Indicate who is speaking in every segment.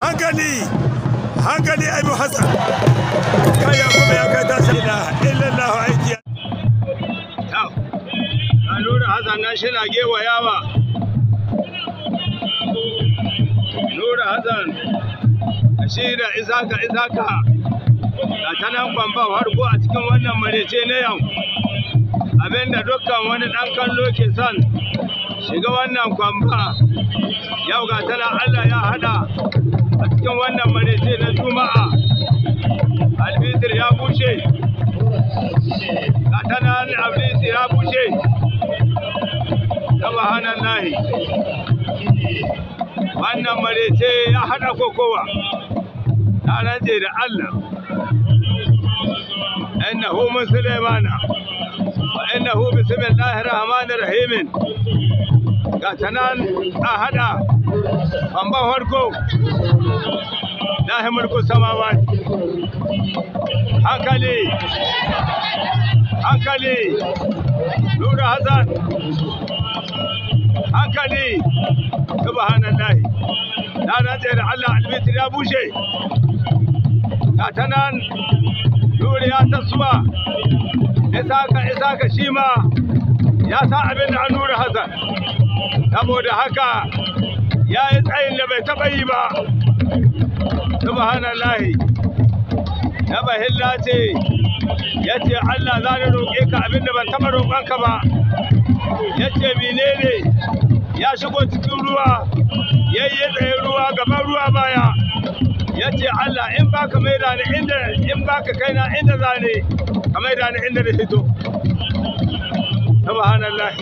Speaker 1: hankali hankali abu hassan kaya kuma ya kai tashi na illallahu aiki ya nuna hassan na shi na gewa yawa nura hassan shi da isaka isaka da ta kwamba kwamban harko a cikin wannan marece na yau abinda dukkan wani ɗan kallo ke son shiga wannan kwamba yau ga tana Allah ya hada a cikin wannan marece na juma'a albitir ya bushe ga tana albitir ya bushe
Speaker 2: sabahanan nahi
Speaker 1: wannan marece ya hada kokowa ta rance da Allah innahu min sulaimana wa innahu bismillahir rahmanir rahimin. ga ta nan a hada bamban harko lahi mulku samawa hankali hankali nura hazan hankali subhanallahi na rantsa da Allah albitir ya bushe ga ta nan nuriya ta suwa isa ka shi ma ya sa abin da nura hassan saboda haka ya yi tsayin da bai taɓa yi ba subhanallahi na bahilla ce ya ce allah za ni roƙe ka abin da ban taɓa roƙonka ba ya ce menene ya shigo cikin ruwa ya yi tsaye ruwa gaban ruwa baya ya ce allah in baka da ni inda in baka kaina inda za ne ka da ni inda da fito subhanallah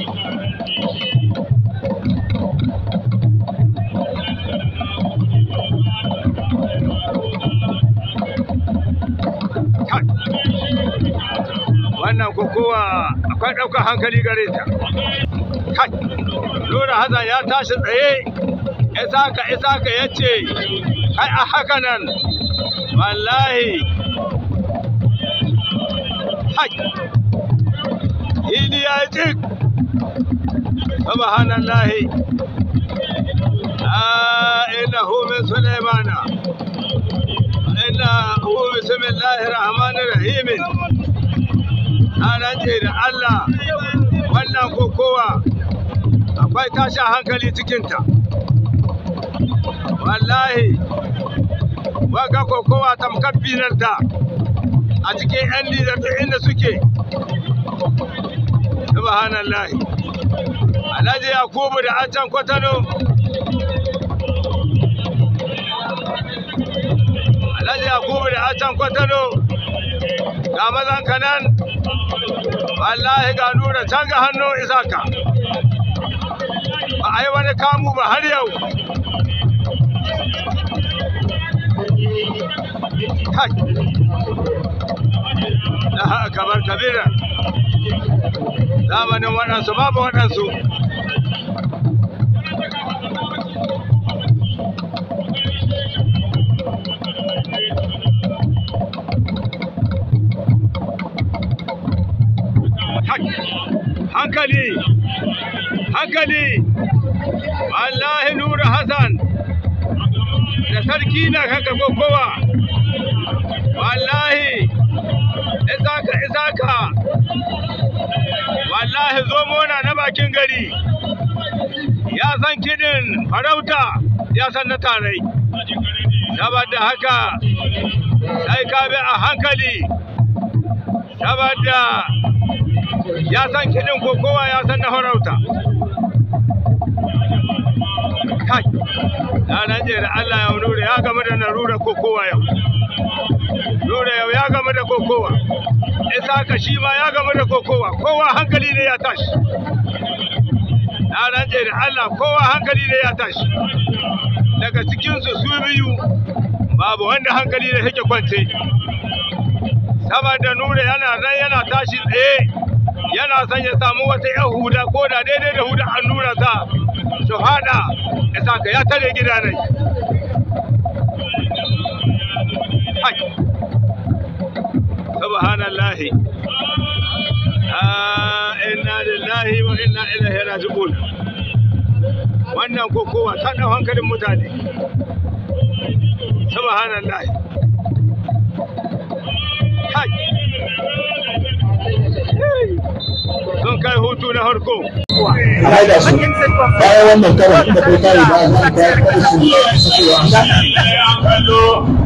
Speaker 1: wannan kokowa akwai ɗaukar hankali gare ta lura hazan ya tashi tsaye isaka isaka ya ce kai a haka nan wallahi subhanallahi إنه من سليمان إنه بسم الله الرحمن الرحيم أنا جير الله wannan kokowa akwai tashi hankali cikinta wallahi waga kokowa tamkar ta a cikin 'yan lidar inda suke subhanallahi Alhaji Yakubu da Ajan Kwatano. Alhaji Yakubu da Ajan Kwatano. Ga mazan kanan. Wallahi ga nura can ga hannu isaka. Ba a yi wani kamu ba har yau. Kai. Na kamar kabira. zamanin waɗansu babu waɗansu hankali hankali wallahi nura hassan da sarki na kanka kokowa. wallahi isaka isaka wallahi zomo na na bakin gari ya san kiɗin farauta ya san na tarai saboda haka sai ka bi a hankali saboda ya san kiɗin ko kowa ya san na farauta kai na nan jere Allah ya nure ya gama da narura ko kowa yau Nura yau ya gama da kokowa. ka shi ma ya gama da kokowa. Kowa hankali ne ya tashi. Na rantse da Allah kowa hankali ne ya tashi. Daga cikinsu su biyu babu wanda hankali ne yake kwance. Saboda Nura yana nan yana tashi tsaye yana son ya samu wata 'yan huda ko da daidai da huda an nura ta su haɗa ka ya tare gidanai. you. subhanallah inna lillahi wa inna ilaihi wannan kokowa ta dau hankalin mutane sun kai hutu na harko wannan da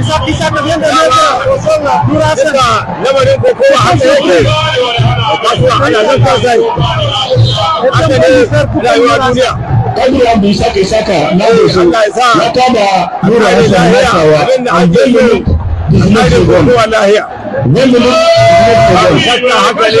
Speaker 1: Isa kisa tafiyan da nesa dura sana. Lamarin kokowa haka yake. Kasuwa ana zan kasai. Haka ne rayuwa duniya. Kaji Rambu Isaka Isaka na yanzu ya kama nura ya sami nasawa. And then you look, this is not the one. When you look, this